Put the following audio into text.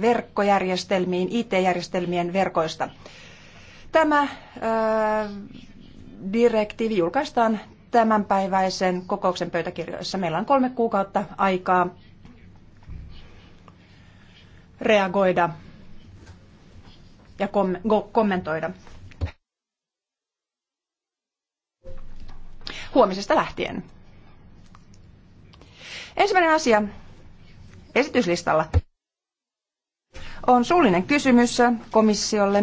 verkkojärjestelmiin, IT-järjestelmien verkoista. Tämä ö, direktiivi julkaistaan tämänpäiväisen kokouksen pöytäkirjoissa. Meillä on kolme kuukautta aikaa reagoida ja kom- kommentoida. Huomisesta lähtien. Ensimmäinen asia esityslistalla on suullinen kysymys komissiolle